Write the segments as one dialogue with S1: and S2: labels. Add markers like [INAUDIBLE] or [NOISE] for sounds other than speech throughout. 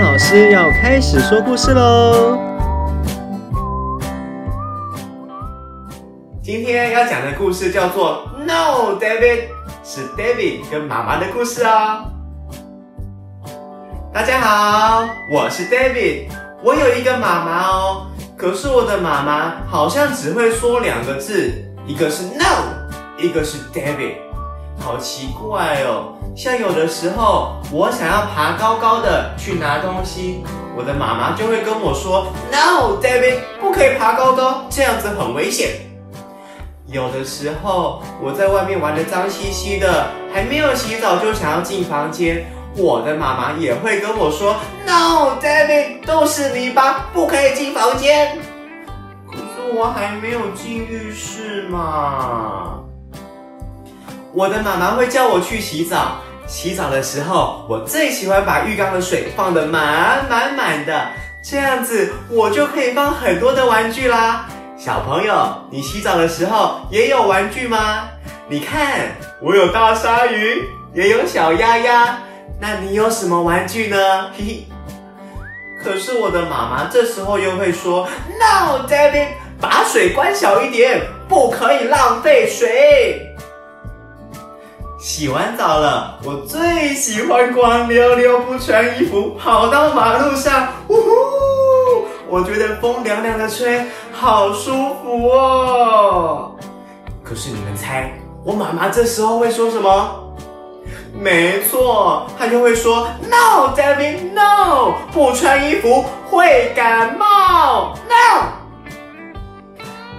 S1: 老師要開始說故事嘍！今天要講的故事叫做 “No David”，是 David 跟媽媽的故事哦。大家好，我是 David，我有一個媽媽哦。可是我的媽媽好像只會說兩個字，一個是 “No”，一個是 “David”。好奇怪哦，像有的時候我想要爬高高的去拿東西，我的媽媽就會跟我說：“No, David，不可以爬高高，這樣子很危險。”有的時候我在外面玩得髒兮兮的，還沒有洗澡就想要進房間，我的媽媽也會跟我說：“No, David，都是泥巴，不可以進房間。”可是我還沒有進浴室嘛。我的媽媽會叫我去洗澡。洗澡的時候，我最喜歡把浴缸的水放得滿滿滿的，這樣子我就可以放很多的玩具啦。小朋友，你洗澡的時候也有玩具嗎？你看，我有大鯊魚，也有小鴨鴨。那你有什麼玩具呢？ [LAUGHS] 可是我的媽媽這時候又會說：“No, David，把水關小一點，不可以浪費水。”洗完澡了，我最喜歡光溜溜不穿衣服跑到馬路上，嗚呼！我覺得風涼涼的吹，好舒服哦。可是你們猜，我媽媽這時候會說什麼？沒錯，她就會說 “No，David，No，不穿衣服會感冒，No。”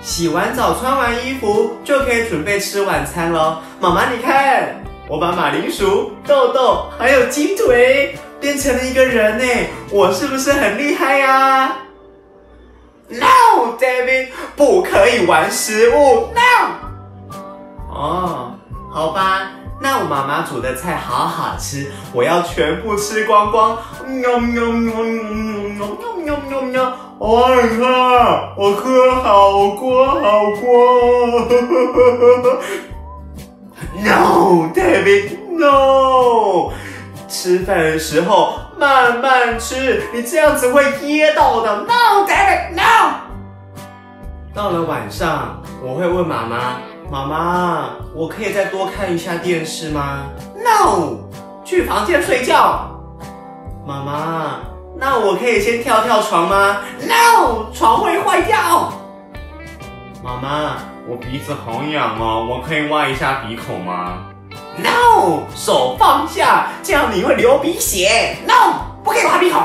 S1: 洗完澡，穿完衣服，就可以準備吃晚餐咯。媽媽，你看，我把馬鈴薯、豆豆還有雞腿變成了一個人呢。我是不是很厲害呀、啊？No，David，不可以玩食物。No。哦，好吧。那我媽媽煮的菜好好吃，我要全部吃光光。喵喵喵喵喵喵喵喵！哎呀，我我喝好光好光。No, David, No！吃飯的時候慢慢吃，你這樣子會噎到的。No, David, No！到了晚上，我會問媽媽。媽媽，我可以再多看一下電視嗎？No，去房間睡覺。媽媽，那我可以先跳跳床嗎？No，床會壞掉。媽媽，我鼻子好癢哦，我可以挖一下鼻孔嗎？No，手放下，這樣你會流鼻血。No，不可以挖鼻孔。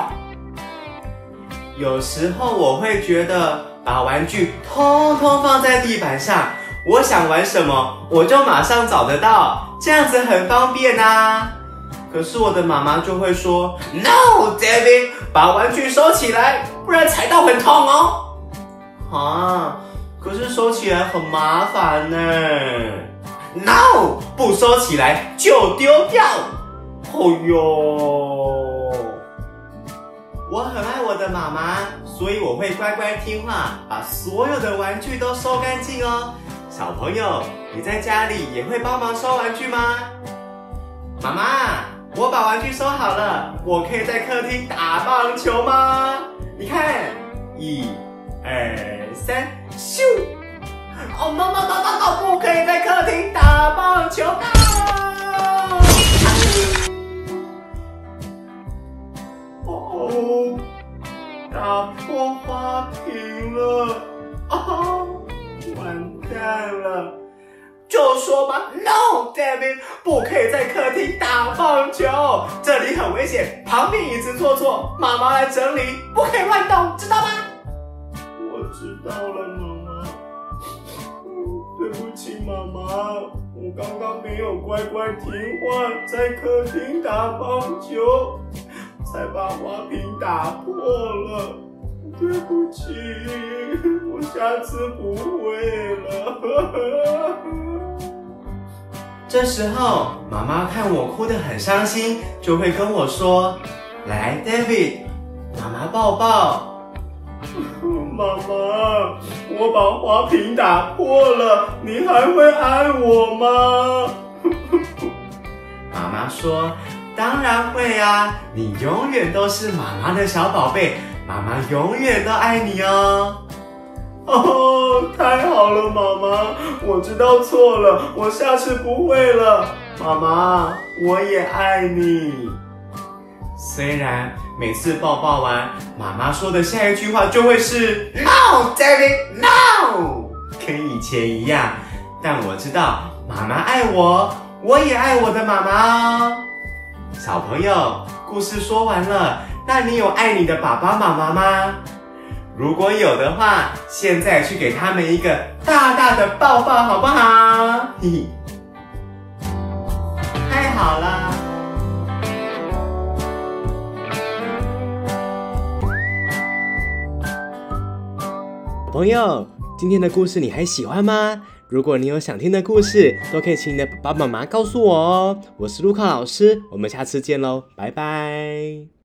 S1: 有時候我會覺得把玩具通通放在地板上，我想玩什麼，我就馬上找得到，這樣子很方便吶、啊。可是我的媽媽就會說：“No，David，把玩具收起來，不然踩到很痛哦。”啊，可是收起來很麻煩呢。No，不收起來就丟掉。哦喲，我很愛我的媽媽，所以我會乖乖聽話，把所有的玩具都收乾淨哦。小朋友，你在家裡也會幫忙收玩具嗎？媽媽，我把玩具收好了，我可以在客廳打棒球嗎？你看，一、二、三，咻！哦，媽媽，媽媽，我不可以在客廳打棒球。就說吧 No，David 不可以在客廳打棒球，這裡很危險。旁邊椅子坐坐，媽媽來整理，不可以亂動，知道嗎？我知道了，媽媽。 [LAUGHS] 對不起，媽媽，我剛剛沒有乖乖聽話，在客廳打棒球，才把花瓶打破了。對不起，我下次不會了。 [LAUGHS] 這時候，媽媽看我哭得很傷心，就會跟我說：“來，David，媽媽抱抱。”媽媽，我把花瓶打破了，你還會愛我嗎？ [LAUGHS] 媽媽說：“當然會啊，你永遠都是媽媽的小寶貝，媽媽永遠都愛你哦。”哦。太好了，媽媽，我知道錯了，我下次不會了。媽媽，我也愛你。雖然每次抱抱完，媽媽說的下一句話就會是 “No，David，no”，跟以前一樣，但我知道媽媽愛我，我也愛我的媽媽。小朋友，故事說完了，那你有愛你的爸爸媽媽嗎？如果有的話，現在去給他們一個大大的抱抱，好不好？嘿嘿，太好啦！朋友，今天的故事你還喜歡嗎？如果你有想聽的故事，都可以請你的爸爸媽媽告訴我哦。我是盧卡老師，我們下次見嘍，拜拜。